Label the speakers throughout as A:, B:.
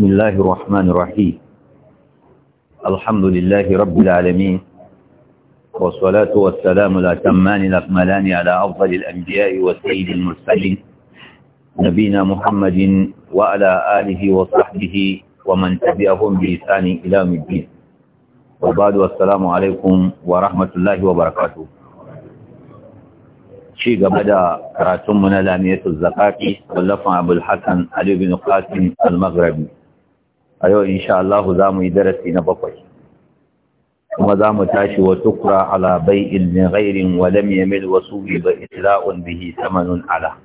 A: بسم الله الرحمن الرحيم الحمد لله رب العالمين والصلاة والسلام الأتمان الأكملان على أفضل الأنبياء والسيد المرسلين نبينا محمد وعلى آله وصحبه ومن تبعهم بإحسان إلى يوم الدين وبعد والسلام عليكم ورحمة الله وبركاته ci gaba da karatunmu na lamiyatul zakati wallafan abul hassan ali bin qasim al-maghribi a yau insha Allah za mu yi darasi na bakwai kuma za mu tashi wa tukura ala bai ilmin ghairin wa lam yamil wasu ba isra'un bihi samanun ala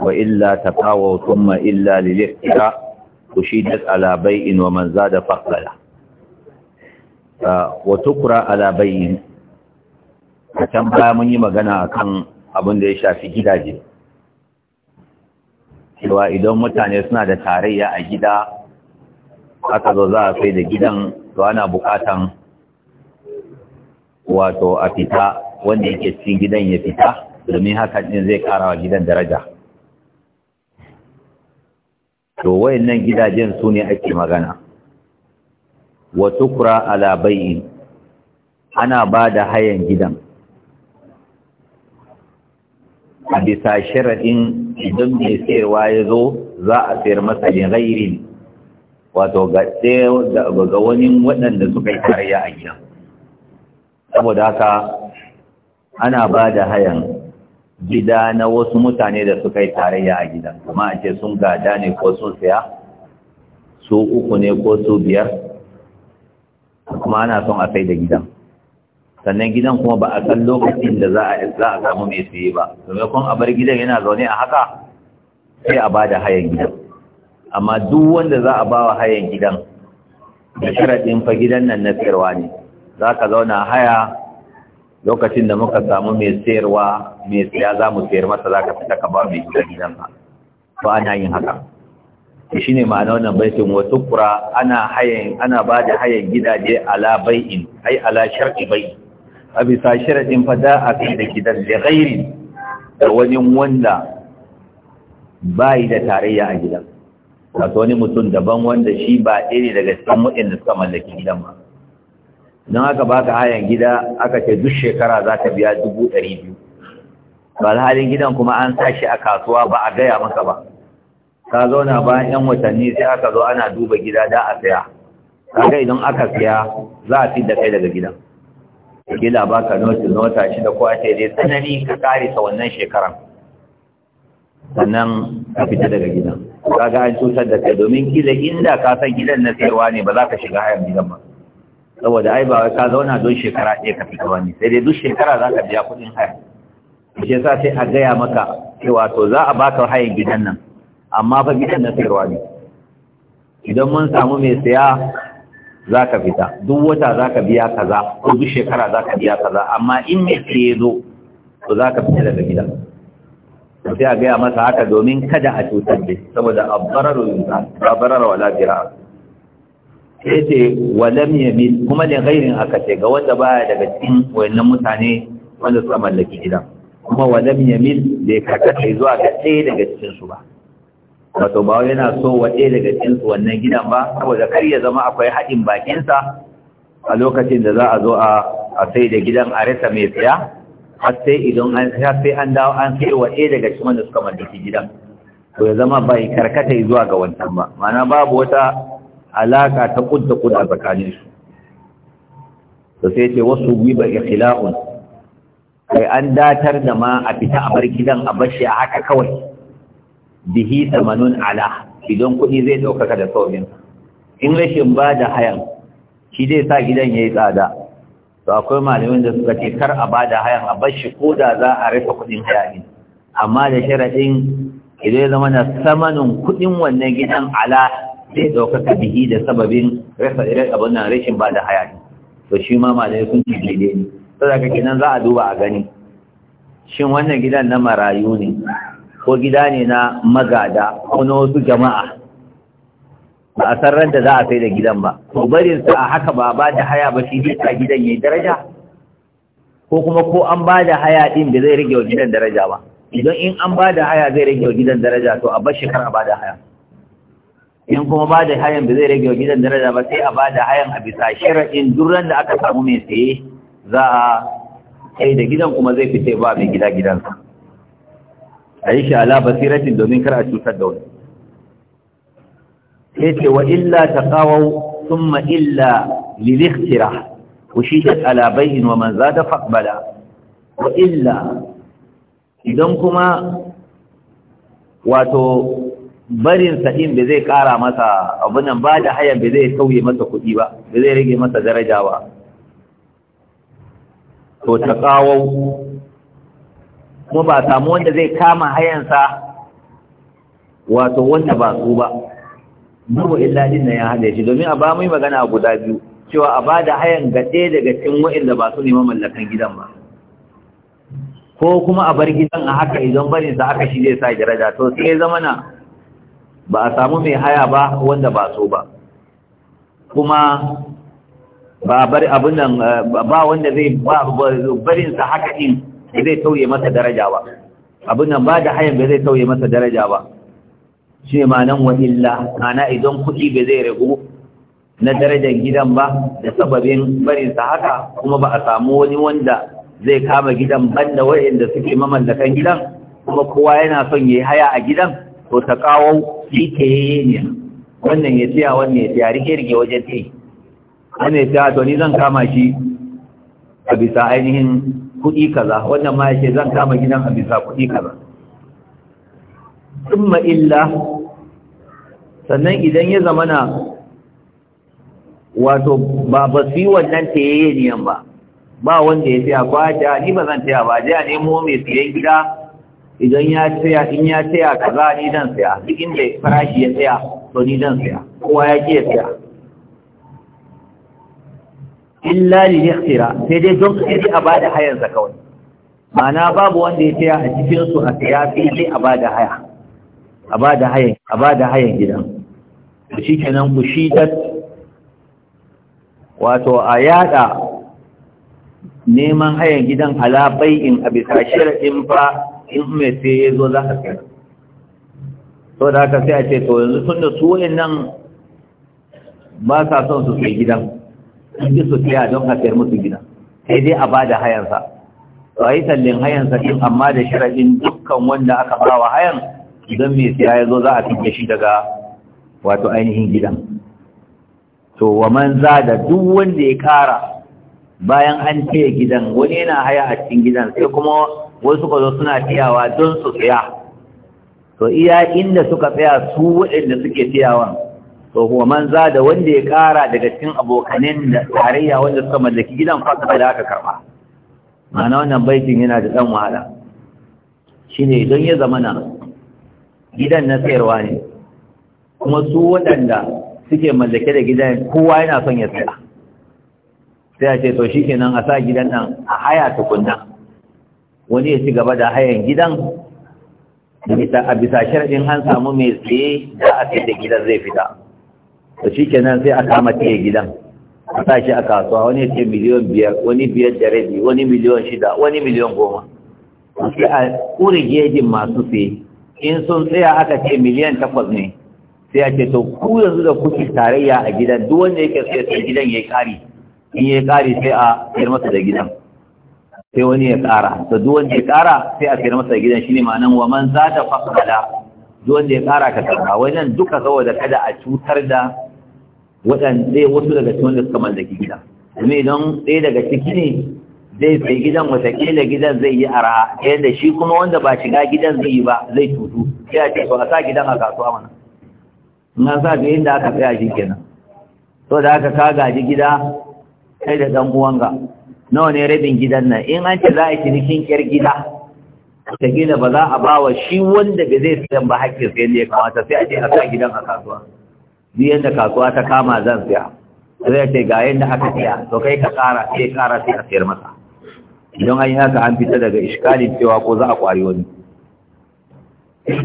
A: wa illa ta taqawa thumma illa ku shi da ala bai'in wa man da faqala wa tukura ala bai'in a can baya mun yi magana a kan abin da ya shafi gidaje cewa idan mutane suna da tarayya a gida aka zo za a sai da gidan to ana bukatan wato a fita wanda yake cikin gidan ya fita domin haka din zai kara wa gidan daraja to wayannan gidajen su ne ake magana wa tukra ala ana ba da hayan gidan a bisa sharaɗin idan mai sayarwa ya zo za a sayar masa lin wato ga ga wani waɗanda suka yi a gidan saboda haka ana ba da hayan gida na wasu mutane da suka yi tarayya a gidan kuma a ce sun gada ne ko sun saya su uku ne ko su biyar kuma ana son a kai da gidan sannan gidan kuma ba a san lokacin da za a samu mai siye ba domin kun a bar gidan yana zaune a haka sai a ba da hayan gidan amma duk wanda za a bawa hayan gidan da din fa gidan nan na sayarwa ne za ka zauna haya lokacin da muka samu mai sayarwa mai saya za mu sayar masa za ka fita ka ba mai gidan gidan ba ba ana yin haka shi ne ma'ana wannan baitin wasu kura ana hayan ana ba da hayan gidaje ala bai'in ai ala shar'i bai a bisa sharaɗin fa za a kai da gidan da gairi da wani wanda bai da tarayya a gidan wato wani mutum daban wanda shi ba ɗaya daga cikin waɗanda suka mallaki gidan ba don haka baka hayan gida aka ce duk shekara za ka biya dubu ɗari biyu ba halin gidan kuma an sa shi a kasuwa ba a gaya maka ba ka zauna bayan yan watanni sai aka zo ana duba gida da a saya Ka ga idan aka saya za a fi da kai daga gidan gida ba ka noti nota shi da a dai tsanani ka kare ta wannan shekaran sannan ka fita daga gidan Ka ga an cutar da kai domin kila inda ka san gidan na sayarwa ne ba za ka shiga hayan gidan ba saboda ai ba ka zauna don shekara ɗaya ka fita wani sai dai duk shekara za ka biya kuɗin haya ba shi sa sai a gaya maka cewa to za a baka hayan gidan nan amma fa gidan na sayarwa ne idan mun samu mai saya za ka fita duk wata za ka biya kaza ko duk shekara za ka biya kaza amma in mai saye zo to za ka fita daga gidan to sai a gaya masa haka domin kada a cutar da saboda a barar wa wala jira sai ce walam mil kuma ne gairin aka ce ga wanda baya daga cikin wayannan mutane wanda suka mallaki gida kuma wa walam mil bai karkata zuwa ga ɗaya daga cikin su ba wato ba yana so wa ɗaya daga cikin su wannan gidan ba saboda kar ya zama akwai haɗin bakinsa a lokacin da za a zo a sai da gidan a rasa mai siya har sai idan an sai an dawo an sai wa ɗaya daga cikin wanda suka mallaki gidan to ya zama bai karkata zuwa ga wancan ba ma'ana babu wata alaka ta kudda kudda tsakanin su to sai ce wasu ba ikhla'un kai an datar da ma a fita a bar gidan a bashi a haka kawai bihi samanun ala idan kuɗi zai ɗaukaka da sauƙin in rashin ba da hayan shi zai sa gidan ya yi tsada to akwai malamin da suka ce kar a bada hayan a bashi ko da za a rufe kuɗin haya ne amma da sharaɗin idan zama na samanin kuɗin wannan gidan ala zai ɗaukaka bihi da sababin rasa irin abin nan rashin ba da haya ne to shi ma malamai sun ce daidai ne saboda kenan za a duba a gani shin wannan gidan na marayu ne ko gida ne na magada ko na wasu jama'a ba a san ranta za a sai da gidan ba to barin sa a haka ba ba da haya ba shi zai sa gidan yayi daraja ko kuma ko an ba da haya din da zai rage wa gidan daraja ba idan in an ba da haya zai rage wa gidan daraja to a bar kar a ba da haya in kuma ba da hayan da zai rage wa gidan daraja ba sai a ba da hayan a bisa sharaɗin duran da aka samu mai saye za a sai da gidan kuma zai fice ba mai gida gidansa a yi shi ala basiratin domin kar a cutar da wani yace wa illa taqawu thumma illa lil ushidat ala bay'in wa man zada faqbala wa illa idan kuma wato barin sa'in bai zai kara masa abu nan ba da hayan bai zai sauye masa kuɗi ba da zai rage masa daraja ba to ta kawau kuma ba samu wanda zai kama hayansa wato wanda ba su ba babu illa din nan ya hada shi domin a ba mu magana a guda biyu cewa a ba da hayan gaɗe daga cikin wa'inda ba su neman mallakan gidan ba ko kuma a bar gidan a haka idan barin sa aka shi sa daraja to sai zama na ba a samu mai haya ba wanda ba so ba kuma ba bar abin nan ba wanda zai ba barin sa haka din zai tauye masa daraja ba abin nan ba da hayan ba zai tauye masa daraja ba shi ma nan wa illa ana idan kuɗi bai zai ragu na darajar gidan ba da sababin barinsa haka kuma ba a samu wani wanda zai kama gidan banda wa'inda suke mamallakan gidan kuma kowa yana son ya yi haya a gidan to ta kawo shi ta ne wannan ya tsaya wannan ya rike rike wajen ɗai wannan ya siya to ni zan kama shi a bisa ainihin kuɗi kaza wannan ma ya ce zan kama gidan a bisa kuɗi kaza thumma illa sannan idan ya zamana wato ba ba su yi wannan niyan ba ba wanda ya tsaya kwata ni ba zan tsaya ba je a nemo mai siyan gida idan ya tsaya in ya tsaya kaza ni dan tsaya duk inda farashi ya tsaya to ni dan tsaya kowa ya ke tsaya illa li ikhtira sai dai don sai a bada hayar zakawai ma'ana babu wanda ya tsaya a cikin su a tsaya sai dai a bada haya a ba da hayan a gidan shi kenan bushidat wato a yada neman hayan gidan ala bai'in a bisa shirɗin fa in mai sai ya zo za ka kai so da haka sai a ce to yanzu tun da su nan ba sa son su sai gidan in ji su tsaya don a sayar musu gidan sai dai a ba da hayansa to a yi tallin hayansa din amma da shirɗin dukkan wanda aka bawa hayan idan mai siya ya zo za a fiye shi daga wato ainihin gidan to wa man da duk wanda ya kara bayan an taya gidan wani yana haya a cikin gidan sai kuma wasu ka zo suna tiyawa don su tsaya to iya inda suka tsaya su waɗanda suke tiyawa to wa man da wanda ya kara daga cikin abokanin da tarayya wanda suka mallaki gidan fasa za aka karba. ma'ana wannan baitin yana da ɗan wahala shine idan ya zama na gidan na sayarwa ne kuma su waɗanda suke mallake da gidan kowa yana son ya saya sai a ce to shi kenan a sa gidan nan a haya tukunna wani ya ci gaba da hayan gidan a bisa sharaɗin an samu mai tsaye da a da gidan zai fita To shi kenan sai a kama tsaye gidan a sa shi a kasuwa wani ce miliyon biyar wani biyar da rabi wani miliyon shida wani miliyon goma sai a ƙure gejin masu tsaye in sun tsaya aka ce miliyan takwas ne sai a ce to ku yanzu da kuke tarayya a gidan duk wanda yake tsaye sai gidan ya kari in ya kari sai a sayar masa da gidan sai wani ya kara to duk wanda ya kara sai a sayar masa da gidan shine ma'anan wa man za ta fasala duk wanda ya kara ka karba nan duka saboda kada a cutar da waɗanda wasu daga cikin wanda suka mallaki gida domin idan ɗaya daga ciki ne zai sai gidan watakila gidan zai yi araha yadda shi kuma wanda ba shiga gidan zai yi ba zai tutu ya ce ba a sa gidan a kasuwa mana na sa gidan inda aka tsaya shi kenan to da aka ka gaji gida kai da dan ga, nawa ne rabin gidan nan in an ce za a cinikin kyar gida watakila ba za a ba wa shi wanda ba zai sayan ba haƙƙin sai da ya kamata sai a ce a sa gidan a kasuwa duk yadda kasuwa ta kama zan siya zai ce ga yadda aka siya to kai ka ƙara sai ƙara sai a siyar masa idan an yi haka an fita daga iskalin cewa ko za a kwari wani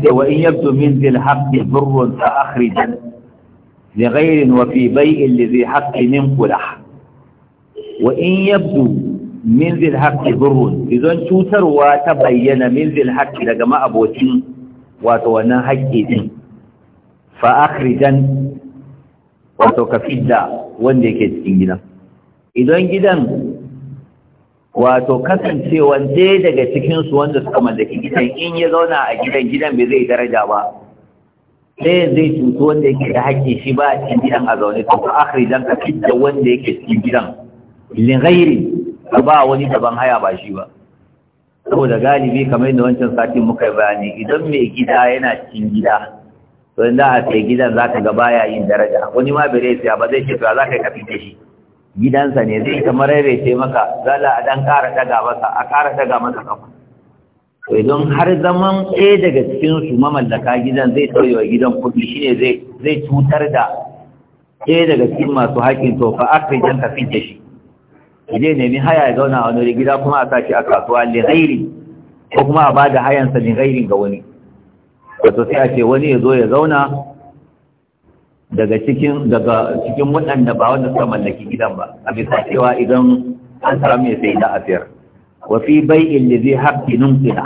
A: da wa in yabdu min zil haqqi burrun ta akhrijan li ghayrin wa fi bay'in li zil haqqi min qulah wa in yabdu min zil haqqi burrun idan cutarwa ta bayyana min zil haqqi daga ma'abocin wato wannan haƙƙi din fa akhrijan wato ka fidda wanda yake cikin gidan idan gidan wato kasancewa dai daga cikinsu wanda suka mallaki gidan in ya zauna a gidan gidan bai zai daraja ba sai zai cuto wanda yake da haƙƙi shi ba a cikin gidan a zaune to ka akhri dan ka fitta wanda yake cikin gidan lin ghairi ba wani daban haya ba shi ba saboda galibi kamar yadda wancan satin muka bayani idan mai gida yana cikin gida to in a sai gidan za ga baya yin daraja wani ma bai rai sai ba zai ce to za ka yi ka shi gidansa ne zai kamar rarrace maka zala a dan kara daga masa a ƙara daga masa kafa to idan har zaman ɗaya daga cikin su mamallaka gidan zai tauyewa gidan kuɗi shine zai zai cutar da ɗaya daga cikin masu haƙƙin to fa akai dan ka fice shi ne mi haya ya zauna a wani gida kuma a sashi a kasuwa li ghairi ko kuma a bada hayansa li ghairi ga wani wato sai a ce wani ya zo ya zauna daga cikin daga cikin waɗanda ba wanda suka mallaki gidan ba a bisa cewa idan an tara mai sai da afiyar wa fi bai'in li zai haƙƙi nunkula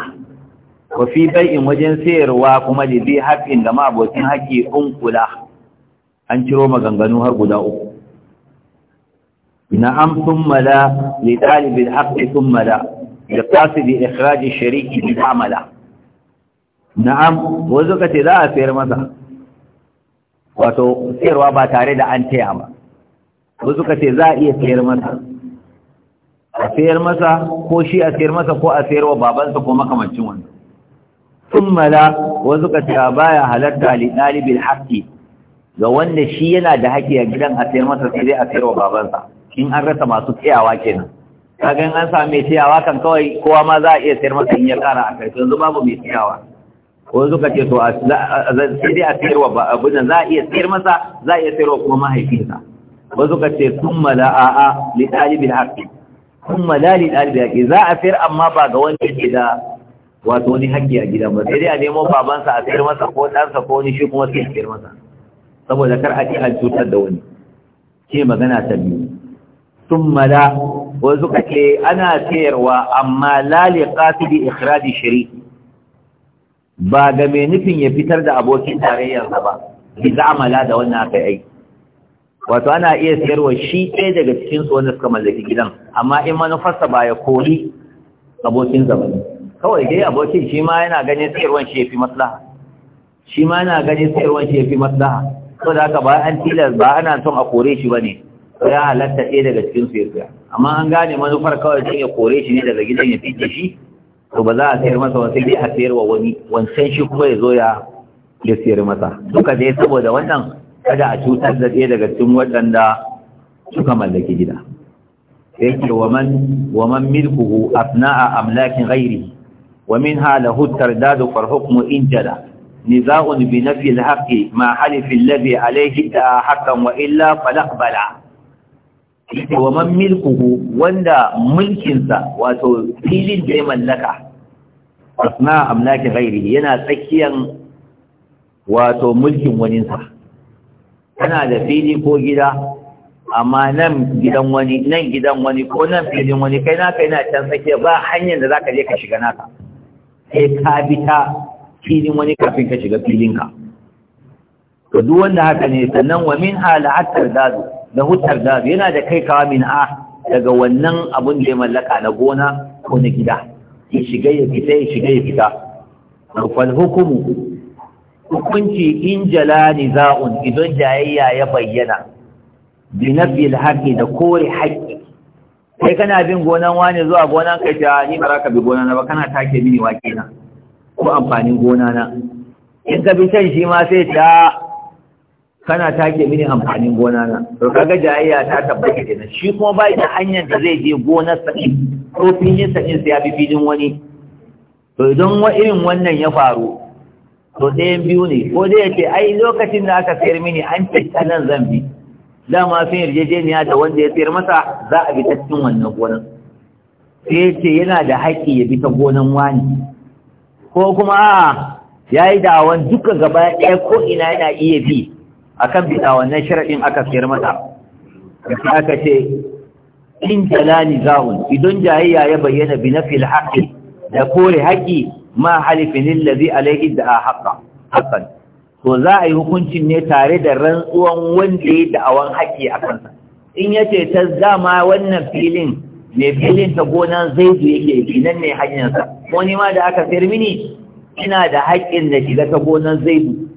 A: wa fi bai'in wajen sayarwa kuma li zai haƙƙin da ma'abocin haƙƙi unkula an ciro maganganu har guda uku na'am thumma la li talib haƙƙi haqqi thumma la li qasid ikhraj ash-shari'i bil amala na'am wazo kace za a sayar masa wato sayarwa ba tare da an taya ba ko suka ce za a iya sayar masa a sayar masa ko shi a sayar masa ko a sayarwa babansa ko makamancin wanda. sun mala wasu suka ce baya halarta ɗalibin haƙƙi ga wanda shi yana da haƙƙi a gidan a sayar masa sai dai a sayarwa babansa in an rasa masu tsayawa kenan kaga in an sami tsayawa kan kawai kowa ma za a iya sayar masa in ya ƙara a kai yanzu babu mai tsayawa ko suka ce to sai dai a sayarwa ba abin da za a iya sayar masa za a iya sayarwa kuma mahaifinsa wani suka ce sun mala'a li da haƙƙi sun mala li da haƙƙi za a sayar amma ba ga wani yake da wato wani haƙƙi a gidan ba sai dai a nemo babansa a sayar masa ko ɗansa ko wani shi kuma sai a sayar masa saboda kar a ce an cutar da wani ke magana ta biyu sun mala wasu suka ce ana sayarwa amma lalika su bi ikirari shari'i ba ga mai nufin ya fitar da abokin tarayyarsa ba bi za'amala da wannan aka yi wato ana iya siyarwa shi ɗaya daga cikin su wanda suka mallaki gidan amma in manufarsa ba ya kori abokin ne. kawai dai abokin shi ma yana ganin siyarwan shi ya fi maslaha shi ma yana ganin siyarwan shi ya fi maslaha so da haka ba an tilas ba ana son a kore shi ba ne ya halatta ɗaya daga cikin su ya amma an gane manufar kawai sun ya kore shi ne daga gidan ya fice shi to ba za a sayar masa wasu dai a sayar wa wani wancan shi kuma ya zo ya ya sayar masa duka dai saboda wannan kada a cutar da ɗaya daga cikin waɗanda suka mallaki gida yake wa man milkuhu afna'a amlakin ghairi wa minha lahu tardadu far hukmu injala نزاع بنفي الحق ما حلف الذي hakan حقا وإلا فلا اقبلا wa man milkuhu wanda mulkinsa wato filin da ya mallaka asna amlaki ghairi yana tsakiyan wato mulkin waninsa kana da fili ko gida amma nan gidan wani nan gidan wani ko nan filin wani kai naka yana can tsakiya ba hanyar da zaka je ka shiga naka sai ka bi ta filin wani kafin ka shiga filinka to duk wanda haka ne sannan wa min hala hatta dadu na hutar da yana da kai kawa min a daga wannan abun da ya mallaka na gona ko na gida ya shiga ya fita ya shiga ya fita rufal hukumu hukunci in jala niza'un idan jayayya ya bayyana Binabil haƙi da kore haƙi kai kana bin gonan wani zuwa gonan kai ta ni ba ka bi gonana ba kana take mini wake na ko amfanin gona na. in ka bi can shi ma sai ta kana take mini amfanin gona na to kaga jayayya ta tabbata kenan shi kuma bai da hanyar da zai je gonar sai ko filin sai ya bi filin wani to idan wa irin wannan ya faru to ɗayan biyu ne ko dai yace ai lokacin da aka sayar mini an fita nan zan bi dama sun yarjejeniya da wanda ya sayar masa za a bi ta cikin wannan gonar sai yace yana da haƙƙi ya bi ta gonan wani ko kuma ya yi wani duka gaba ɗaya ko ina yana iya bi akan bisa wannan shar'in aka sayar mata sai aka ce in jalani zaun idan jayayya ya bayyana bi nafil haqqi da kore haƙi ma halifin allazi alayhi da haqqa haqqan to za a yi hukuncin ne tare da rantsuwan wanda ya da'awan haƙi a kansa in yace ta zama wannan filin ne filin ta gonan zaidu yake yi nan ne hanyarsa ko ni ma da aka sayar mini ina da haƙƙin da shiga ta gonan zaidu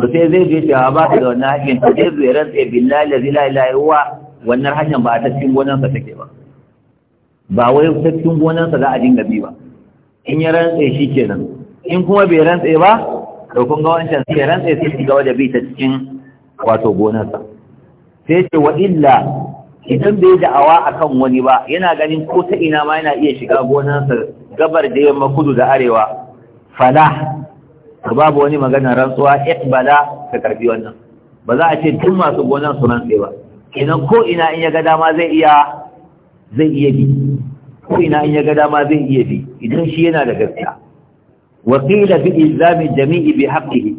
A: to sai zai je cewa ba ta da wannan haƙƙin ta zai zai rantsa billahi la ilaha illa huwa wannan hanyar ba ta cikin gonansa take ba ba wai ta cikin gonansa za a dinga bi ba in ya rantsa shi kenan in kuma bai rantsa ba to kun ga wancan sai rantsa sai shiga wajen bi ta cikin wato gonarsa sai ce wa illa idan bai da'awa akan wani ba yana ganin ko ta ina ma yana iya shiga gonarsa gabar da yamma kudu da arewa fala to babu wani magana rantsuwa iqbala ka karbi wannan ba za a ce duk masu gonan su rantse ba kenan ko ina in ya ga dama zai iya zai iya bi ko ina in ya ga dama zai iya bi idan shi yana da gaskiya wa qila bi izami jami'i bi haqqihi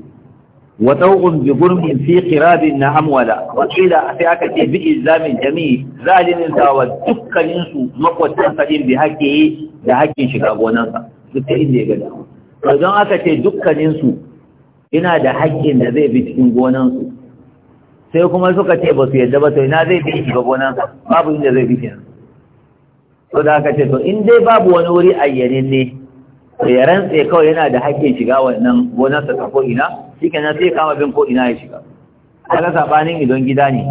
A: wa tawqun bi gurmin fi qirabi na amwala wa qila sai aka ce bi izami jami'i zalimin sa wa dukkanin su makwatan sa din bi haqqihi da haƙƙin shiga sa duk inda ya ga dama don aka ce dukkaninsu ina da haƙƙin da zai bi cikin gonansu sai kuma suka ce ba su yadda ba sai ina zai bi gonan gonansa babu inda zai bi kenan to da aka ce to in dai babu wani wuri ayyanin ne to ya rantse kawai yana da haƙƙin shiga wannan gonarsa ta ko ina shikenan sai kama bin ko ina ya shiga kaga sabanin idon gida ne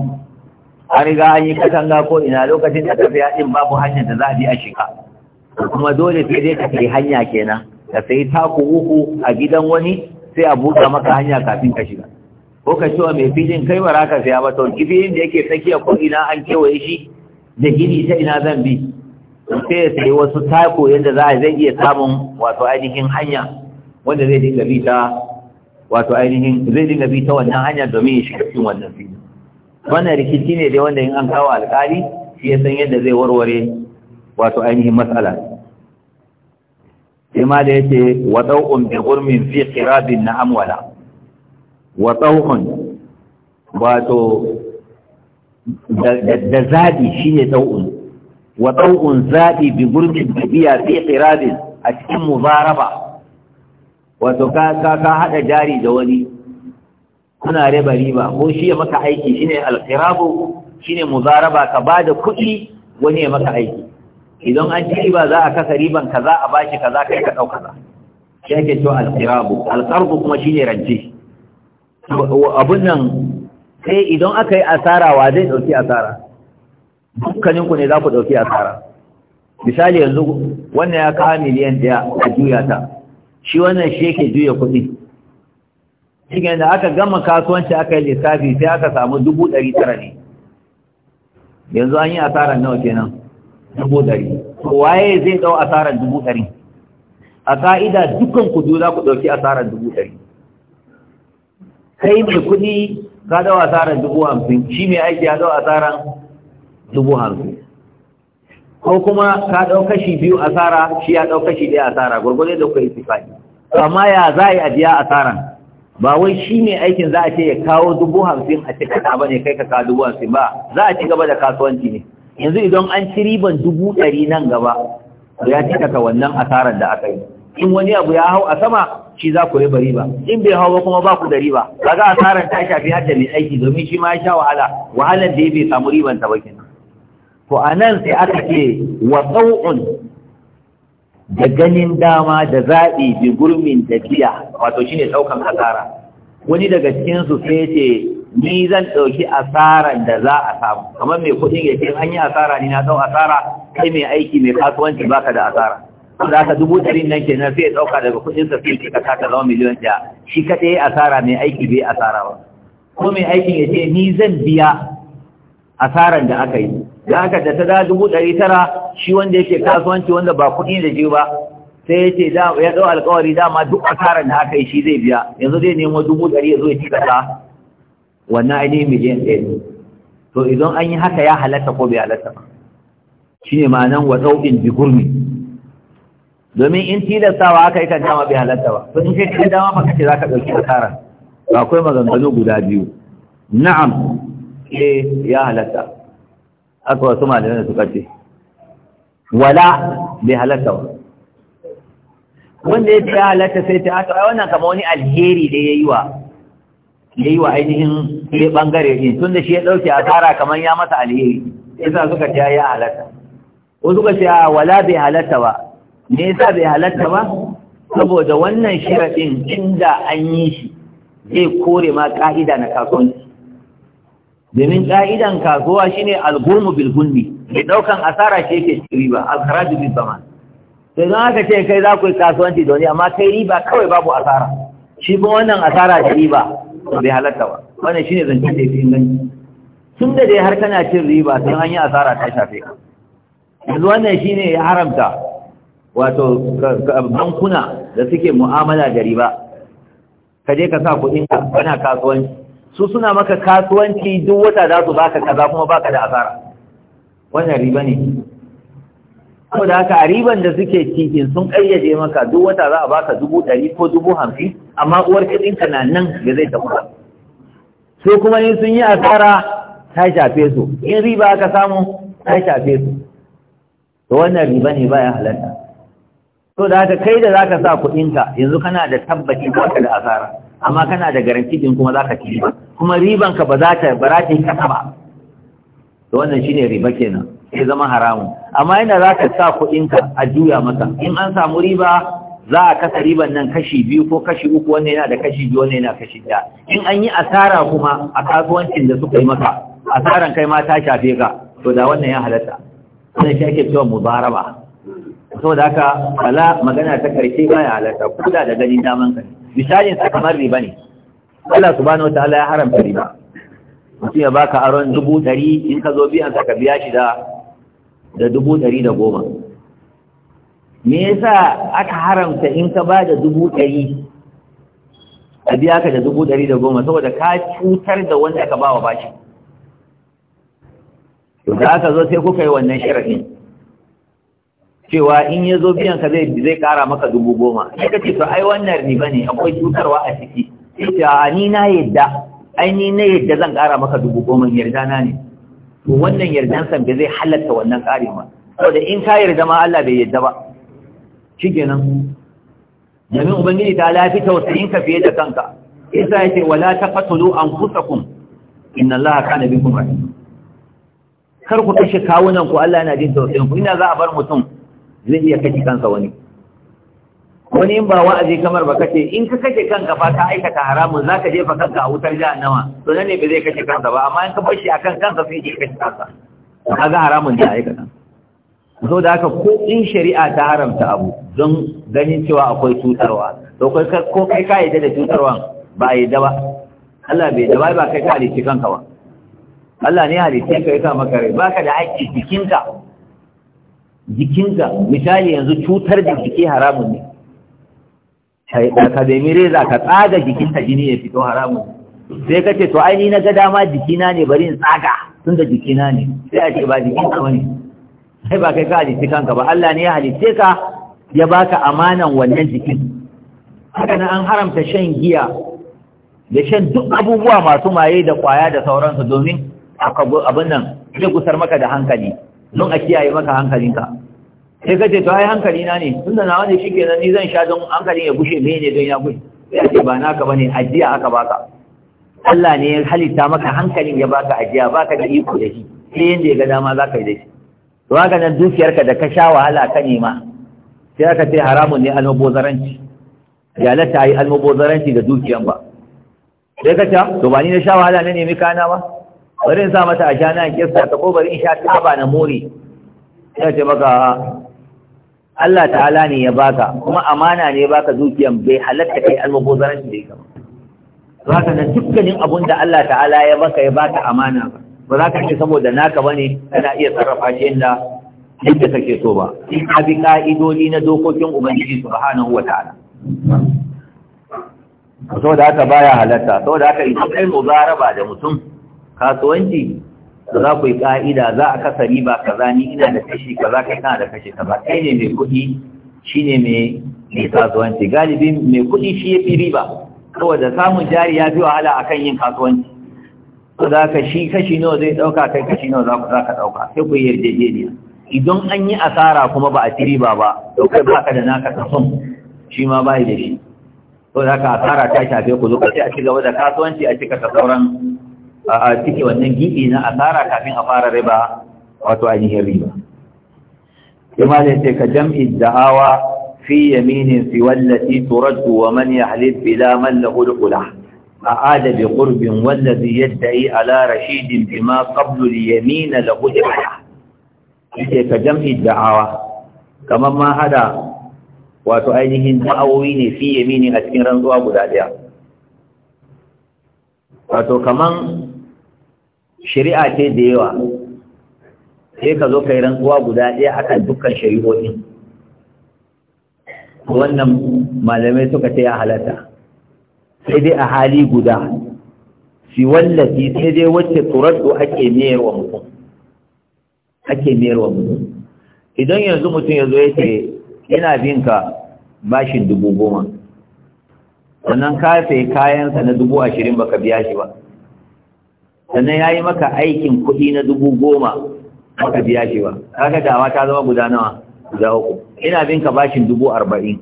A: an riga an yi katanga ko ina lokacin da ka fi haɗin babu hanyar da za a bi a shiga kuma dole sai dai ka kai hanya kenan ka sayi taku uku a gidan wani sai a buga maka hanya kafin ka shiga ko ka cewa mai filin kai ba ka saya ba wani. kifiyin da yake tsakiya ko ina an kewaye shi da gini ta ina zan bi sai ya sayi wasu taku yadda za a zai iya samun wato ainihin hanya wanda zai dinga bi ta wato ainihin zai dinga bi ta wannan hanya domin ya shiga cikin wannan filin wannan rikici ne dai wanda in an kawo alƙali shi ya san yadda zai warware wato ainihin matsala sai ma da yake wa dau'un bi gurmin fi ƙirabin na amwala wa dau'un wato da zaɓi shine dau'un wa dau'un zaɓi bi gurmin biya fi ƙirabin a cikin mubaraba wato ka ka hada jari da wani kuna riba riba ko shi ya maka aiki shine shi shine muzaraba ka bada kuɗi wani ya maka aiki idan an ci ba za a kasa riban kaza a bashi kaza kai ka ɗauka kaza shi ake cewa alƙirabu alƙarbu kuma shine rance abun nan sai idan aka yi asara wa zai ɗauki asara dukkaninku ne za ku ɗauki asara misali yanzu wannan ya kawo miliyan ɗaya a juya ta shi wannan shi yake juya kuɗi cikin da aka gama kasuwanci aka yi lissafi sai aka samu dubu ɗari tara ne yanzu an yi asarar nawa kenan dubu ɗari waye zai ɗau asaran dubu ɗari a ka'ida dukkan ku biyu za ku ɗauki asaran dubu ɗari kai mai kuɗi ka ɗau asaran dubu hamsin shi mai aiki ya ɗau asaran dubu hamsin ko kuma ka dau kashi biyu asara shi ya dau kashi ɗaya asara gwargwado da kuka yi tifaki amma ya za a yi a biya asaran ba wai shi ne aikin za a ce ya kawo dubu hamsin a cikin ta ne kai ka kawo dubu hamsin ba za a ci gaba da kasuwanci ne yanzu idan an ci riban dubu ɗari nan gaba ya cikaka wannan asarar da aka yi in wani abu ya hau a sama shi za ku riba riba in bai hau ba kuma ba ku da riba a asarar ta shafi hadda mai aiki domin shi ma ya sha wahala wahalar da ya bai samu riban ta ba to a nan sai aka ce wa tsau'un da ganin dama da zaɓi bi gurmin tafiya wato shine ɗaukan asara wani daga cikinsu sai ce ni zan ɗauki asara da za a samu kamar mai kuɗin ya ce an yi asara ni na ɗau asara kai mai aiki mai kasuwanci baka da asara da aka dubu ɗari nan kenan sai ya ɗauka daga sa sai ka kasa zama miliyan ɗaya shi kaɗai asara mai aiki bai asara ba ko mai aikin ya ce ni zan biya asaran da aka yi da aka da ta da dubu ɗari tara shi wanda yake kasuwanci wanda ba kuɗi da ji ba sai ya ce ya ɗau alkawari dama duk asaran da aka yi shi zai biya yanzu zai nemo dubu ɗari ya zo ya ci kasa wannan ainihin miliyan ɗaya ne to idan an yi haka ya halatta ko bai halatta ba shi ne ma'anan wa ɗauɗin bigurmi domin in tilastawa aka yi kan dama bai halatta ba to in kai kan dama fa kace za ka ɗauki asara ba akwai maganganu guda biyu na'am eh ya halatta aka wasu malamai suka ce wala bai halatta ba wanda ya ce ya halatta sai ta aka wannan kama wani alheri da ya yi wa ya yi wa ainihin ya ɓangare ɗin tun da shi ya ɗauke asara kamar ya masa alheri yasa suka ce ya halatta ko suka ce wala bai halatta ba me yasa bai halatta ba saboda wannan sharaɗin inda an yi shi zai kore ma ƙa'ida na kasuwanci domin ƙa'idan kasuwa shine algurmu bil gunni mai ɗaukan asara shi yake ci riba alkharaju bil zaman sai zan haka ce kai za ku yi kasuwanci da wani amma kai riba kawai babu asara shi ba wannan asara da riba ba bai halatta ba wannan shine zancen da yake inganci tun da dai har kana cin riba sai an yi asara ta shafe ka yanzu wannan shine ya haramta wato bankuna da suke mu'amala da riba ka je ka sa kuɗin ka kana kasuwanci su suna maka kasuwanci duk wata za su baka kaza kuma baka da asara wannan riba ne saboda haka a riban da suke cikin sun ƙayyade maka duk wata za a baka dubu ɗari ko dubu hamsin amma uwar kuɗinka na nan da zai tafi ba su kuma in sun yi asara ta shafe su in riba aka samu ta shafe su to wannan riba ne baya halatta so da haka kai da zaka sa kuɗinka yanzu kana da tabbaci ko da asara amma kana da garanti din kuma zaka ci riba kuma riban ka ba za ta kasa ba wannan shine riba kenan sai zama haramun amma yana za ka sa kuɗinka a juya masa in an samu riba za a kasa riban nan kashi biyu ko kashi uku wannan yana da kashi biyu wannan yana kashi ɗaya in an yi asara kuma a kasuwancin da suka yi maka asaran kai ma ta shafe ka to da wannan ya halatta wannan shi ake cewa mubaraba saboda haka kala magana ta karshe ba ya halatta kuda da ganin daman ka misalin sa kamar riba ne Allah subhanahu wataala ya haramta riba mutum ya baka aron dubu ɗari in ka zo biyan ka biya shi da dubu ɗari da goma me yasa aka haramta in ka ba da dubu ɗari a biya ka da dubu ɗari da goma saboda ka cutar da wanda ka ba wa bashi to da aka zo sai kuka yi wannan sharafin. cewa in ya zo biyan ka zai kara maka dubu goma sai ka ce to ai wannan riba ne akwai cutarwa a ciki ce a ni na yadda aini na yadda zan ƙara maka dubu goma yarda na ne to wannan yardan san bai zai halatta wannan ƙari ma saboda in ka yarda ma Allah bai yarda ba shikenan domin ubangiji ta lafi tausayin ka fiye da kanka isa yake wala kusa kun? inna Allaha kana bikum rahim kar ku kashe kawunan ku Allah yana jin tausayin ku ina za a bar mutum zai iya kashe kansa wani wani in ba wa'azi kamar ba kace in ka kace kanka fa ka aikata haramun zaka jefa kanka a wutar jahannama to nan ne ba zai kace kanka ba amma in ka bar shi akan kanka sai je kace kanka kaga haramun da aikata so da haka ko in shari'a ta haramta abu don ganin cewa akwai cutarwa to kai ko kai ka yadda da cutarwan ba a da ba
B: Allah bai da ba kai ka halitta
A: kanka ba Allah ne halitta ka yasa maka rai baka da haƙƙi jikinka jikinka misali yanzu cutar da jiki haramun ne ka zai reza ka tsaga jikinta jini ya fito haramun sai ka ce to aini ni na ga dama jikina ne bari in tsaga tun da jikina ne sai a ce ba jikinka ba ne sai ba kai ka halitti kanka ba Allah ne ya halitte ka ya baka amanan wannan jikin haka na an haramta shan giya da shan duk abubuwa masu maye da kwaya da sauransu domin abin nan zai gusar maka da hankali don a kiyaye maka hankalinka sai ka ce to ai hankali na ne tunda na wani shi kenan ni zan sha don hankalin ya gushe me ne don ya gushe sai ce ba naka bane ajiya aka baka Allah ne ya halitta maka hankalin ya baka ajiya baka da iko da shi sai yanda ya ga dama za ka yi da shi to haka nan dukiyarka da ka sha wahala ka nema sai aka ce haramun ne almubozaranci ya lata yi almubozaranci da dukiyan ba sai ka ce to ba ni na sha wahala na nemi kana ba bari in sa mata a sha na in kista ta ko bari in sha ta ba na more sai ce maka Allah ta'ala ne ya baka kuma amana ne ya baka dukiyan bai halatta kai almubazaranci da ita ba ka nan dukkanin abun da Allah ta'ala ya baka ya baka amana ba ba za ka ce saboda naka bane kana iya sarrafa shi inda yadda kake so ba in ka bi ka'idodi na dokokin ubangiji subhanahu wa ta'ala saboda haka baya halatta saboda haka idan kai muzaraba da mutum kasuwanci da za ku yi ƙa'ida za a kasa riba za ni ina da kashi za ka kana da kashi ba kai ne mai kuɗi shi ne mai kasuwanci galibi mai kuɗi shi ya fi riba da samun jari ya fi wahala a kan yin kasuwanci ko za ka shi kashi nawa zai ɗauka kai kashi nawa za ka ɗauka sai ku yi yarjejeniya idan an yi asara kuma ba a fi riba ba to kai ba ka da naka son. shi ma ba da shi ko za ka asara ta shafe ku lokaci a ci gaba da kasuwanci a cika ta sauran a cike wannan gibi na asara kafin a fara riba wato ainihin riba kuma da ce ka jam'i da'awa fi yaminin fi wallati turaddu wa man yahlid bila man lahu dukula a adabi bi qurbin wallazi yadda'i ala rashidin bima qablu al Yamina lahu dukula yake ka jam'i da'awa kamar ma hada wato ainihin da'awoyi ne fi yamini a cikin rantsuwa guda ɗaya. wato kaman shari'a ce da yawa sai ka zo kai rantsuwa guda ɗaya kan dukkan shari'o'in wannan malamai suka ce ya halatta sai dai a hali guda fi wallafi sai dai wacce turaddu ake mayarwa mutum ake mayarwa mutum idan yanzu mutum ya zo ya ce ina bin ka bashin dubu goma sannan ka sai kayansa na dubu ashirin baka biya shi ba sannan ya yi maka aikin kuɗi na dubu goma maka biya shi ba kaga dawa ta zama guda nawa guda uku ina bin ka bashin dubu arba'in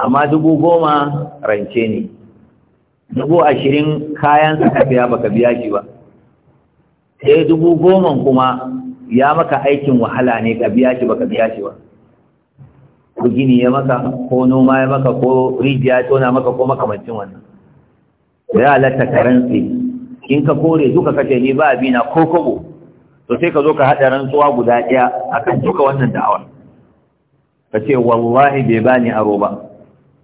A: amma dubu goma rance ne dubu ashirin kayan ka biya baka biya shi ba sai dubu goma kuma ya maka aikin wahala ne ka biya shi baka biya shi ba ko gini ya maka ko noma ya maka ko rijiya ya tona maka ko makamancin wannan ya halatta ka rantse in ka kore duka kace ni ba abina ko kobo to sai ka zo ka haɗa rantsuwa guda ɗaya akan duka wannan da'awar ka ce wallahi bai bani aro ba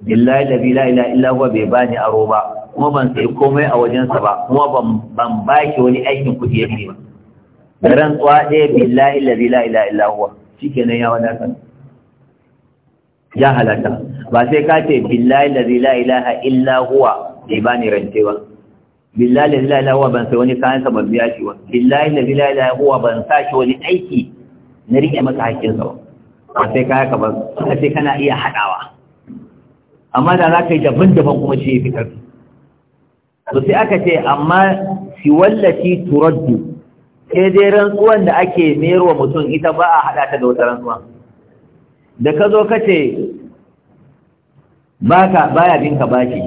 A: billahi la ilaha illa huwa bai bani aro ba kuma ban sai komai a wajensa ba kuma ban ban baki wani aikin kuɗi yake ba da tsuwa ɗaya billahi la ilaha illa illa huwa shikenan ya wadatar ya halaka ba sai ka ce billahi la ilaha illa huwa bai bani rantsuwa ba billahi la ilaha huwa ban sai wani kayan sa ban biya shi ba billahi la ilaha huwa ban sa shi wani aiki na rike maka hakkin sa ba sai kaya ka ba sai kana iya hadawa amma da za ka yi daban-daban kuma shi fi karfi to sai aka ce amma si wallafi turaddu sai dai rantsuwan da ake mayarwa mutum ita ba a hada ta da wata rantsuwa da ka zo ka ce baka baya bin ka bashi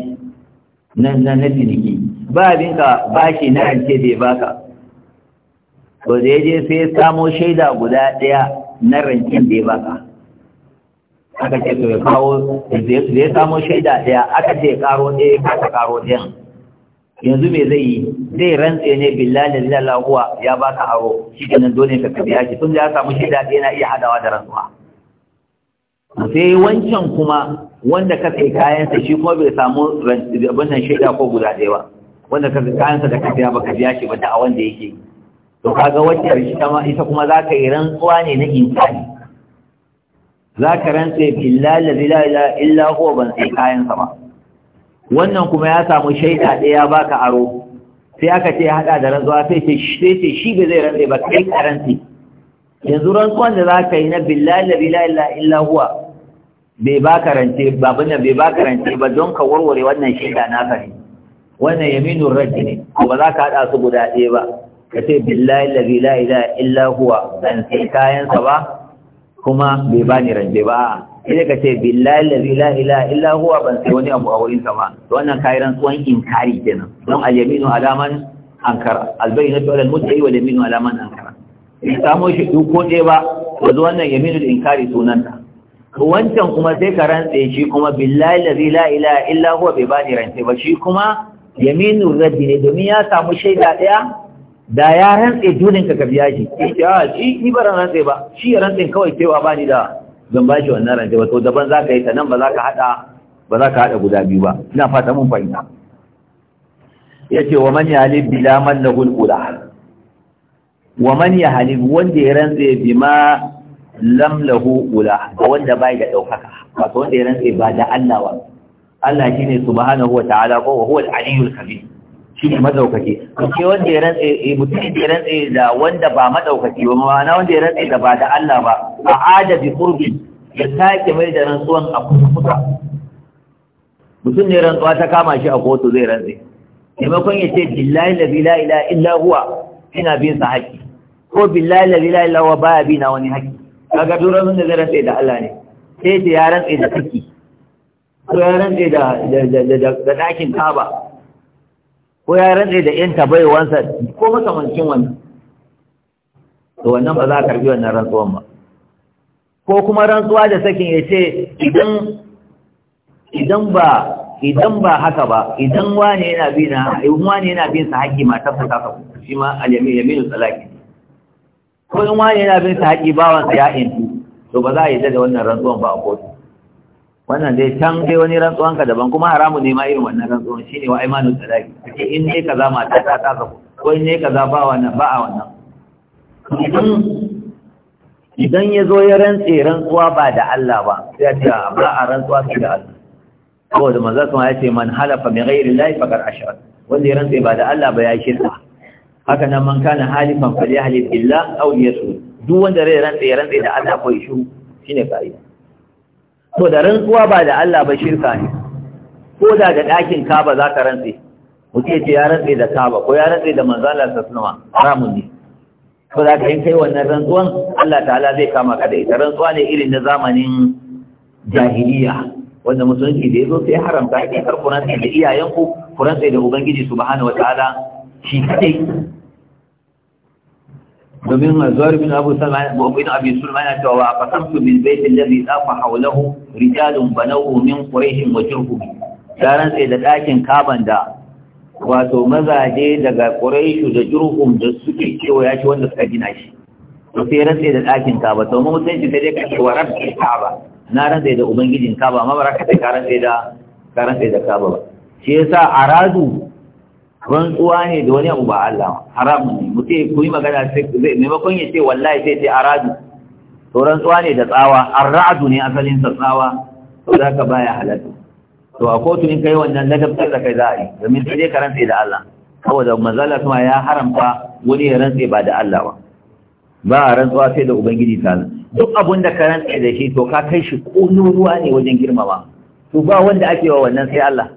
A: nan na na ciniki ba abinka bashi na rance da ya baka Ba da je sai ya samo shaida guda daya na rancen da ya baka aka ce to ya kawo da ya samo shaida ɗaya aka ce karo ɗaya kasa karo ɗaya yanzu me zai yi zai rantse ne billahi da lahuwa ya baka aro shi kenan dole ka kabi shi tun da ya samu shaida ɗaya na iya hadawa da rantsuwa sai wancan kuma wanda ka kai kayansa shi kuma bai samu abin nan shaida ko guda ɗaya ba wanda ka kayansa da ka biya baka biya shi ba da wanda yake to kaga wacce shi ta ma ita kuma zaka yi rantsuwa ne na imani zaka rantsa billahi la ilaha illa huwa ban sai kayansa ba wannan kuma ya samu shaida ɗaya ya baka aro sai aka ce hada da rantsuwa sai ce shi ba zai rantsa ba kai karanti yanzu rantsuwan da za ka yi na billahi la ilaha illa huwa bai ba karance ne bai ba karance ba don ka warware wannan shaida na ne wannan yaminun raddi ne ba za ka haɗa su guda ɗaya ba ka ce billahi lazi la ilaha illa huwa ban sai kayansa ba kuma bai bani rance ba sai ka ce billahi lazi la ilaha illa huwa ban sai wani abu a wurin sa ba to wannan kai rantsuwan inkari kenan don al-yaminu alaman ankara al-bayyinatu ala al-mudda'i wal yaminu alaman ankara in samu shi duk ko ɗaya ba wanzu wannan yaminu inkari sunanta wancan kuma sai ka rantse shi kuma billahi lazi la ilaha illa huwa bai bani rance ba shi kuma yaminu radi ne domin ya samu shaida ɗaya da ya rantse dunin ka biya shi ya ah, shi ni ba rantse ba shi ya rantse kawai cewa ba ni da zan ba shi wannan rantse ba to daban za ka yi ta nan ba za ka haɗa ba za ka haɗa guda biyu ba ina fata mun fahimta ya ce wa man yahalib bila man lahul ula wa man yahalib wanda ya rantse bima lam lahu ula wanda bai da ɗaukaka wato wanda ya rantse ba da Allah ba Allah shine subhanahu wa ta'ala ko huwa al-aliyyul kabir shine madaukaki kace wanda ya rantsa eh, mutum ya rantsa da wanda ba madaukaki ba ma'ana wanda ya rantsa da ba da Allah ba a adabi qurbi ya take mai da rantsuwan a kusa mutum ne rantsuwa ta kama shi a kotu zai rantsa maimakon ya ce billahi la ilaha illa huwa ina bin sa haƙi ko billahi la ilaha illa huwa baya bi na wani haƙi kaga duk ranar da zai rantsa da Allah ne sai ya rantsa da kake ko ya rantse da ɗakin kaba ko ya rantse da ƴan tabaiwansa ko makamancin wannan to wannan ba za a karbi wannan rantsuwan ba ko kuma rantsuwa da sakin ya ce idan idan ba idan ba haka ba idan wane yana bi na in wane yana bin sa haƙi matarsa ta kafa shi ma al-yamin ko in wane yana bin sa haƙi bawansa ya intu to ba za a yi da wannan rantsuwan ba a kotu wannan dai can dai wani rantsuwan ka daban kuma haramu ne ma irin wannan rantsuwan shine wa imanu talaqi kace in ne ka zama ta ta ku. ko in ne za ba wannan ba a wannan idan ya zo ya rantse rantsuwa ba da Allah ba sai ce ba a rantsuwa sai da Allah saboda manzo kuma ya ce man halafa bi ghairi llahi faqad ashrak wanda ya rantse ba da Allah ba ya shirka haka nan man kana halifan falyahlif billah aw yasud duk wanda ya rantse ya rantse da Allah ko shi shine kaida to da rantsuwa ba da Allah ba shirka ne ko da da ɗakin kaba za ka rantse mutum ce ya rantse da kaba ko ya rantse da manzala sunawa haramun ne ko za ka yi kai wannan rantsuwan Allah ta'ala zai kama ka da ita rantsuwa ne irin na zamanin jahiliya wanda musulunci da ya zo sai haramta ake kar ku da iyayenku ku rantse da ubangiji subhanahu wataala shi kadai domin zuwar bin abu salma bin abi sulma yana cewa wa qasamtu bil bayt alladhi tafa hawlahu rijalun banawu min quraishin wa jurhum daran sai da dakin kaban da wato mazaje daga quraishu da jurhum da suke cewa ya ci wanda suka gina shi to sai rantsa da dakin kaba to mu mutunci sai dai ka wa rabbi kaba na rantsa da ubangijin kaba ma baraka ta karan sai da karan sai da kaba ba shi yasa aradu rantsuwa ne da wani abu ba Allah haram ne mutum ku yi magana sai maimakon ya ce wallahi sai ce aradu to rantsuwa ne da tsawa ra'adu ne asalin sa tsawa to da ka baya halatta to a kotu in kai wannan ladabtar da kai za a yi domin sai dai ka rantse da Allah saboda manzala kuma ya haramta wani ya rantse ba da Allah ba ba a rantsuwa sai da ubangiji ta duk abun da ka rantse da shi to ka kai shi ƙololuwa ne wajen girmama to ba wanda ake wa wannan sai Allah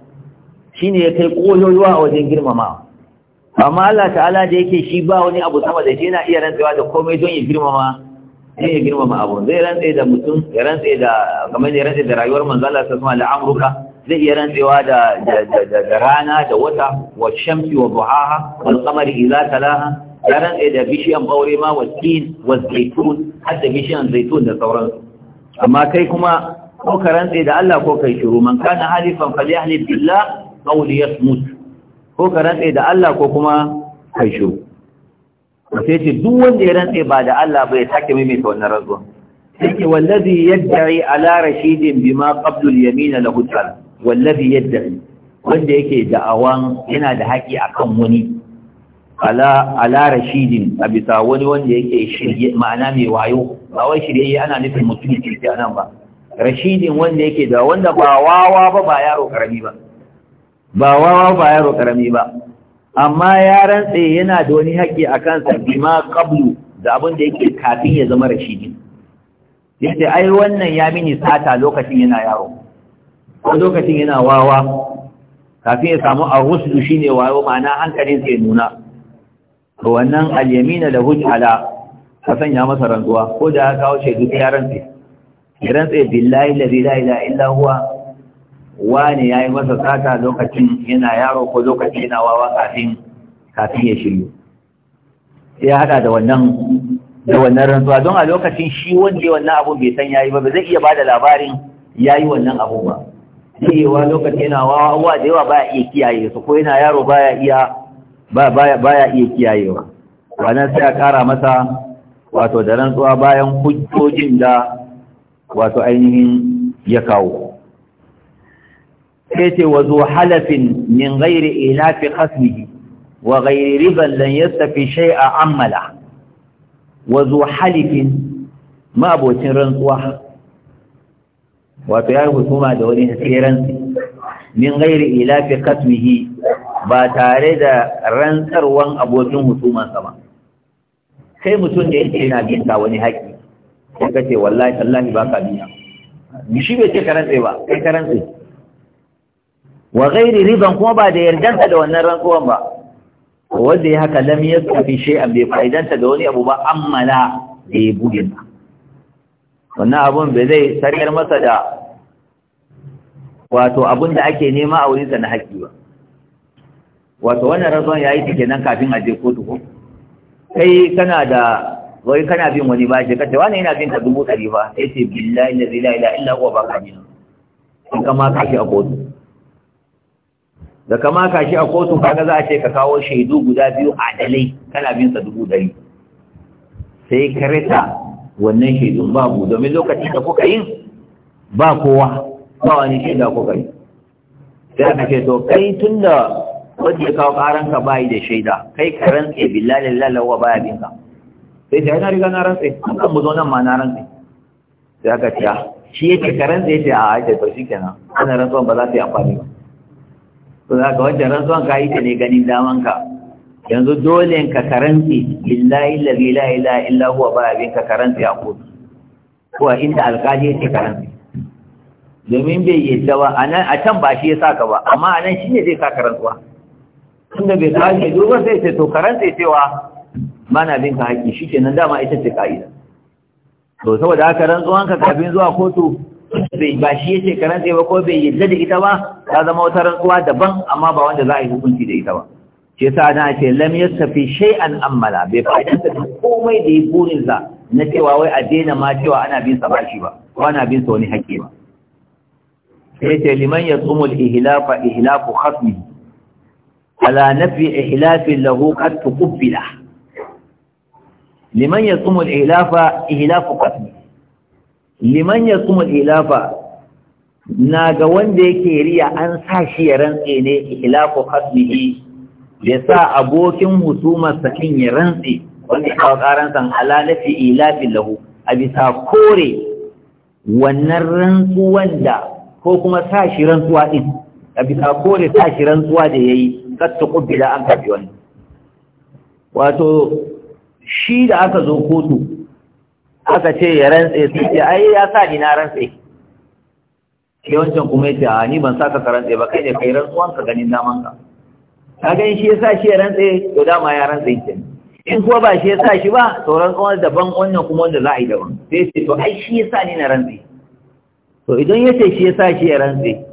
A: shine ya kai koyoyuwa a wajen girmama? amma Allah ta'ala da yake shi ba wani abu sama da shi yana iya rantsewa da komai don ya girmama sai ya girmama abu zai rantse da mutum ya rantse da kamar ya rantse da rayuwar manzala ta da la'amruka zai iya rantsewa da da rana da wata wa shamsi wa duhaha wal qamari idza talaha ya rantse da bishiyan baure ma wa tin wa zaitun har da bishiyan zaitun da sauransu amma kai kuma ko ka rantse da Allah ko kai shiru man kana halifan falyahlif billah aw liyasmut ko ka rantse da Allah ko kuma kai shiru sai ce duk wanda ya rantse ba da Allah bai sake maimaita wannan rantsuwa sai wallazi yad'i ala rashidin bima qablu al-yamin lahu tal wallazi yad'i wanda yake da'awan yana da haƙi akan wani ala ala rashidin a bisa wani wanda yake shirye ma'ana mai wayo ba wai shirye ana nufin mutum ke nan ba rashidin wanda yake da wanda ba wawa ba ba yaro karami ba ba wawa ba yaro karami ba amma ya rantse yana da wani haƙƙi a kansa bima qablu da abin da yake kafin ya zama rashidi yace ai wannan ya mini sata lokacin yana yaro ko lokacin yana wawa kafin ya samu a rusu shi ne wayo ma'ana hankalin sai nuna to wannan al da lahu ala ka sanya masa rantsuwa ko da ya kawo shaidu ya rantse ya rantse billahi la ilaha illa huwa Wani ya yi masa sata lokacin yana yaro ko lokacin yana wawa kafin kafin ya shiryu sai ya hada da wannan da wannan rantsuwa don a lokacin shi wanda ya wannan abun bai san yayi ba ba zai iya bada labarin ya yi wannan abu ba cewa lokacin yana wawa uwa da yawa baya iya kiyaye su ko yana yaro baya iya baya baya iya kiyayewa wannan sai ya kara masa wato da rantsuwa bayan hujjojin da wato ainihin ya kawo sai ce wa zuwa halafin min gairi ilafi khasmihi wa gairi riban lan yastafi a amala wa zuwa halifin ma abokin rantsuwa wato ya yi husuma da wani tseren min gairi ilafi katmihi ba tare da rantsarwan abokin husumansa ba kai mutum da yake na binta wani haƙi ya kace wallahi tallahi ba ka biya shi bai ce karantse ba kai karantse wa ghairi riban kuma ba da yardansa da wannan rantsuwan ba wanda ya haka lam yaskafi shay'an bai faidanta da wani abu ba ammala bai bugin ba wannan abun bai zai sarkar masa da wato abun da ake nema a wurinsa na haƙƙi ba wato wannan rantsuwan ya yi take nan kafin a je kotu ko kai kana da wai kana bin wani ba ka kace wani yana bin ka dubu ɗari ba sai ce billahi la ilaha illa huwa ba ka bin in kama kashi a kotu da kama ka shi a kotun kaga za a ce ka kawo shaidu guda biyu a dalai kana bin sa dubu dari. sai ka rita wannan shaidun babu domin lokacin da kuka yin ba kowa ba wani shaida kuka yi sai aka ce to kai tun da wanda ya kawo ka bayi da shaida kai ka rantse billahi lillahi wa baya ka. sai ta yana riga na rantse an kan mu nan ma na rantse sai aka ce ah, shi yake ka rantse ce ah, a ake to shikenan ana rantsuwan ba za ta yi amfani ba to za ka wancan rantsuwan ka yi ta ne ganin damanka yanzu dole ka karanti lillahi lalli la ilaha illa huwa ba abin ka karanti a kotu ko a inda alkali ce karanti domin bai yi yadda ba a can ba shi ya saka ba amma a nan shi ne zai sa karantuwa tunda bai sa shi duba sai ce to karanti cewa mana bin ka haƙƙi shi kenan dama ita ce ka'ida to saboda haka rantsuwan ka kafin zuwa kotu bai ba shi yace karan sai ba ko bai yadda da ita ba ta zama wata rantsuwa daban amma ba wanda za a yi hukunci da ita ba shi sa na ce lam shai shay'an ammala bai fa'idanta da komai da ya burin sa na cewa wai a daina ma cewa ana bin sa bashi ba ko ana bin sa wani haƙƙi ba sai ce liman ya tsumu ihlafa ihlafu khasmi ala nafi ihlafin lahu qad tuqbila liman ya tsumu ihlafa ihlafu khasmi liman ya kuma ilafa na ga wanda yake riya an sa shi ya rantse ne ilafu hasbihi da sa abokin husumar sakin ya rantse wanda ya kawo karansan alalafi ilafi lahu a bisa kore wannan rantsuwan da ko kuma sa shi rantsuwa din a bisa kore sa shi rantsuwa da ya yi katta kubila an kafi wani wato shi da aka zo kotu aka ce ya rantse su ce ai ya sa ni na rantse shi wancan kuma ya ce a ni ban sa ka rantse ba kai ne kai rantsuwan ka ganin daman ka ka gani shi ya sa shi ya rantse to dama ya rantse ke in kuwa ba shi ya sa shi ba to rantsuwan daban wannan kuma wanda za a yi daban sai ce to ai shi ya sa ni na rantse to idan ya ce shi ya sa shi ya rantse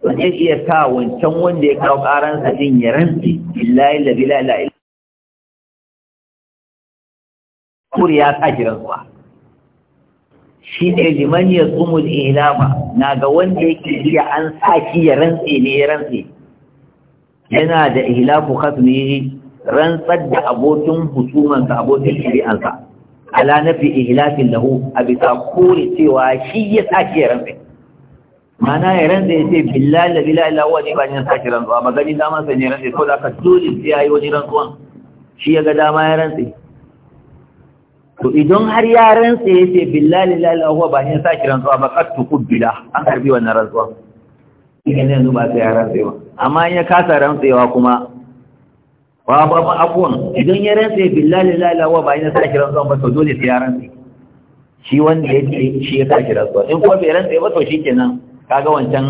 A: to zai iya sa wancan wanda ya kawo karansa din ya rantse billahi la billahi la ilaha ya sa shi rantsuwa shi ne liman ya tsumul ilama na ga wanda yake iya an saki ya rantse ne ya rantse yana da ilafu khasmi rantsar da abokin husumansa abokin shari'ansa ala nafi ihlakin lahu a bisa kore cewa shi ya saki ya rantse mana ya rantse ya ce billahi la ilaha da huwa ne ba ni saki rantsuwa magani dama sai ne rantse ko da ka dole sai yi wani rantsuwan shi ya ga dama ya rantse to idan har ya sa ya ce billahi la ilaha ba ne sa kiran zuwa ba qattu qubila an karbi wannan rantsuwa idan yanzu ba sai ya sa ba amma in ya kasa rantsuwa kuma wa ba ba abun idan ya rantse billahi la ilaha ba ne sa kiran zuwa ba to dole sai ya sa shi wanda ya ce shi ya sa kiran zuwa in kuma bai rantsuwa ba to shikenan kaga wancan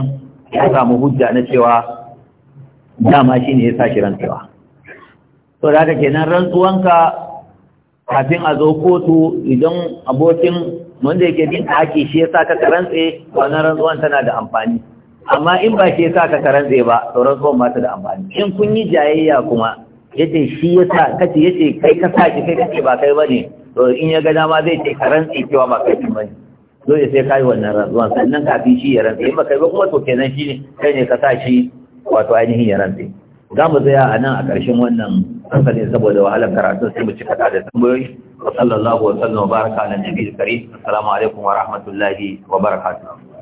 A: ya samu hujja na cewa dama shine ne ya sa shi rantsuwa. To da kenan rantsuwanka kafin a zo kotu idan abokin wanda yake bin aki shi yasa ka karantse wannan rantsuwan tana da amfani amma in ba shi yasa ka karantse ba to rantsuwan ba ta da amfani in kun yi jayayya kuma yace shi yasa kace yace kai ka saki kai kace ba kai bane to in ya ga dama zai ce karantse cewa ba kai bane dole sai kai wannan rantsuwan sannan kafin shi ya rantse in ba kai ba kuma to kenan shi ne kai ne ka sa shi wato ainihin ya rantse za mu zaya a nan a ƙarshen wannan hankali saboda wahalar karatu sai mu cika da tambayoyi wa sallallahu wa sallam wa baraka ala nabiyil karim assalamu alaikum wa rahmatullahi wa barakatuh